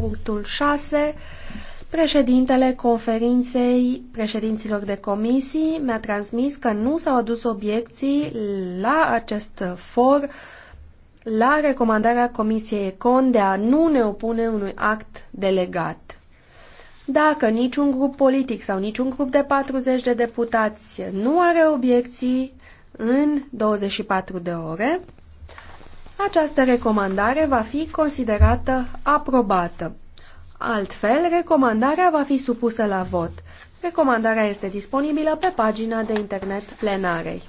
punctul 6, președintele conferinței președinților de comisii mi-a transmis că nu s-au adus obiecții la acest for la recomandarea Comisiei Econ de a nu ne opune unui act delegat. Dacă niciun grup politic sau niciun grup de 40 de deputați nu are obiecții în 24 de ore, această recomandare va fi considerată aprobată. Altfel, recomandarea va fi supusă la vot. Recomandarea este disponibilă pe pagina de internet plenarei.